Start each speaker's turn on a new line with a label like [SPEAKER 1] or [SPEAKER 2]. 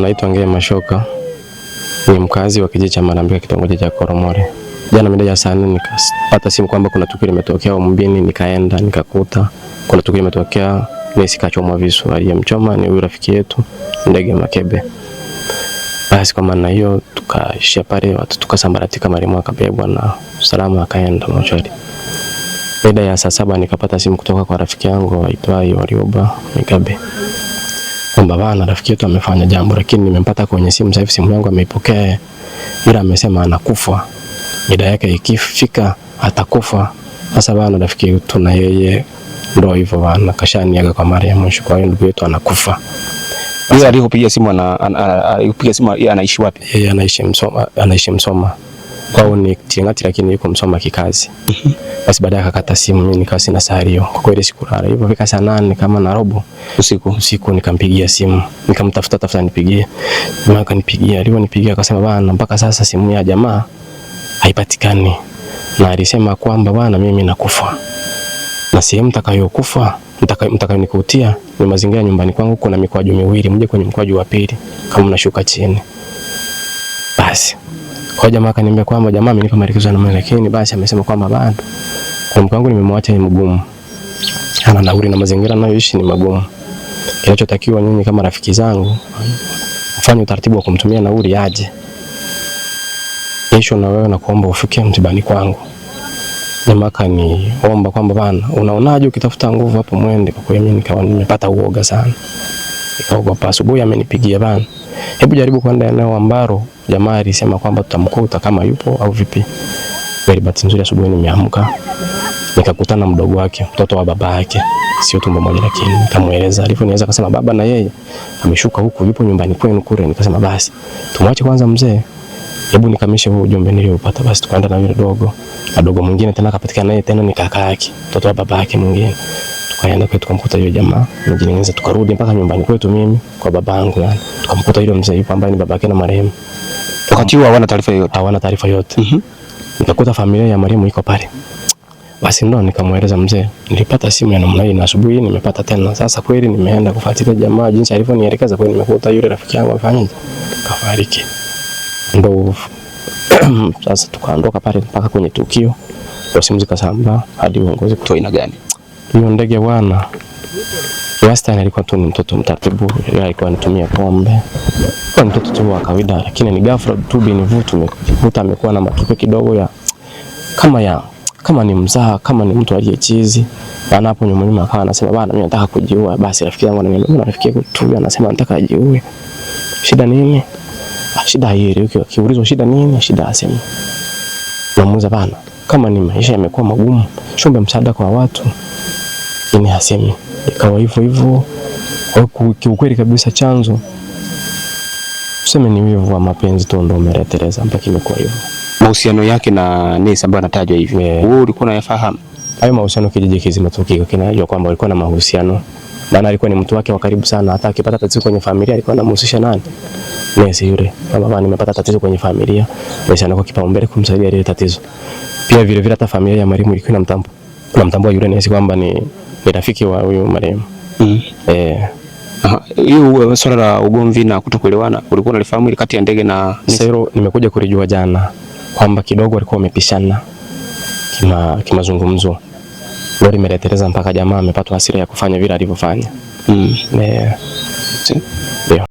[SPEAKER 1] Naitwa Ngee Mashoka, ni mkazi wa kijiji cha Marambika, kitongoji cha Koromore. Jana mida ya saa nne nikapata simu kwamba kuna tukio limetokea mbini, nikaenda nikakuta kuna tukio limetokea, nesi kachomwa visu. Aliyemchoma ni huyu rafiki yetu Ndege Makebe. Basi kwa maana hiyo tukaishia pale, watu tukasambaratika, marehemu akabebwa na salama akaenda mochari. Mida ya saa saba nikapata simu kutoka kwa rafiki yangu aitwaye Warioba Mikabe kwamba bana, rafiki yetu amefanya jambo, lakini nimempata kwenye simu sasa hivi, simu yangu ameipokea, ila amesema anakufa, mida yake ikifika atakufa. Sasa bana, rafiki yetu na yeye ndio hivyo bana, kashaniaga kwa mara ya mwisho, kwa hiyo ndugu yetu anakufa.
[SPEAKER 2] Yeye alipopiga simu, ana, ana, ana, ana, ana, anaishi wapi?
[SPEAKER 1] Yeye anaishi Msoma, anaishi Msoma kwao ni Tingati, lakini yuko Msoma kikazi. Mhm. Basi baadaye akakata simu, mimi nikawa sina saa hiyo kwa kweli, sikulala hivyo vika saa nane kama na robo usiku. Usiku nikampigia simu, nikamtafuta tafuta nipigie, jamaa akanipigia. Aliponipigia akasema, bana, mpaka sasa simu ya jamaa haipatikani, na alisema kwamba bana, mimi nakufa na sehemu mtakayokufa mtakayonikutia ni mazingira ya nyumbani kwangu, kuna mikwaju miwili, mje kwenye mkwaju wa pili kama mnashuka chini basi kwa jamaa akaniambia kwamba jamaa amenipa maelekezo ya namna, lakini basi amesema kwamba bado kwa mke nimemwacha ni mgumu, ana nauri na mazingira anayoishi ni magumu. Kinachotakiwa nyinyi kama rafiki zangu mfanye utaratibu wa kumtumia nauri aje kesho, na wewe nakuomba ufike mtibani kwangu. Jamaa akaniomba kwamba bana, unaonaje ukitafuta nguvu hapo mwende. Kwa kweli mimi nikawa nimepata uoga sana, nikaogopa. Asubuhi amenipigia bana Hebu jaribu kwenda eneo ambalo jamaa alisema kwamba tutamkuta kama yupo au vipi. Kwa bahati nzuri, asubuhi nimeamka nikakutana mdogo wake, mtoto wa baba yake, sio tumbo moja, lakini nikamueleza. niweza akasema baba na yeye ameshuka huku, yupo nyumbani kwenu kule. Nikasema basi tumwache kwanza mzee hebu nikamilishe huo ujumbe niliopata. Basi tukaenda na yule dogo na dogo mwingine tena, akapatikana naye tena, ni kaka yake, mtoto wa baba yake mwingine. Tukaenda kwetu tukamkuta yule jamaa mwingine, tukarudi mpaka nyumbani kwetu, mimi kwa babangu, yani tukamkuta yule mzee yupo, ambaye ni babake na marehemu.
[SPEAKER 2] Wakati huo hawana taarifa yoyote,
[SPEAKER 1] hawana taarifa yoyote. Mhm, nikakuta familia ya marehemu iko pale. Basi ndo nikamweleza mzee, nilipata simu ya namna hii na asubuhi nimepata tena. Sasa kweli nimeenda kufuatilia jamaa jinsi alivyonielekeza, kweli nimekuta yule rafiki yangu amefanyaje, kafariki ndo sasa tukaondoka pale mpaka kwenye tukio, ndo simu zikasamba hadi uongozi kutoa aina gani hiyo ndege bwana. Western alikuwa tu ni mtoto mtaratibu, yeye alikuwa anatumia pombe kwa mtoto tu wa kawaida, lakini ni ghafla tu bini vutu mekuta amekuwa na matupe kidogo ya kama ya kama ni mzaha kama ni mtu aliyechizi bana. Hapo nyuma nyuma akawa anasema bana, mimi nataka kujiua. Basi rafiki yangu ananiambia, rafiki yangu tu anasema nataka ajiue, shida nini? Ah, shida hiyo. Akiulizwa shida nini, shida asema namuuza bana, kama ni maisha yamekuwa magumu, shombe msaada kwa watu ini hasemi. Ikawa hivyo hivyo, kiukweli kabisa chanzo tuseme ni wivu wa mapenzi tu ndio umeleteleza mpaka imekuwa hivyo.
[SPEAKER 2] Mahusiano yake na Nesa ambaye anatajwa hivi, eh. wewe ulikuwa unayafahamu
[SPEAKER 1] hayo mahusiano? Kijiji kizima tu kiko kinajua kwamba walikuwa na mahusiano, maana alikuwa ni mtu wake wa karibu sana, hata akipata tatizo kwenye familia alikuwa anamhusisha nani nesi yule kama nimepata tatizo kwenye familia, Messi anakuwa kipaumbele kumsaidia ile tatizo. Pia vile vile hata familia ya Mariam ilikuwa inamtambua, inamtambua yule nesi kwamba ni, ni rafiki wa huyu Mariam. Mm.
[SPEAKER 2] Eh, hiyo uh, swala la ugomvi na kutokuelewana ulikuwa unalifahamu ile kati ya Ndege na
[SPEAKER 1] Sero? Nimekuja kulijua jana kwamba kidogo walikuwa wamepishana kima kimazungumzo. Ndio limereteleza mpaka jamaa amepata hasira ya kufanya vile alivyofanya. Mm. Eh, ndio.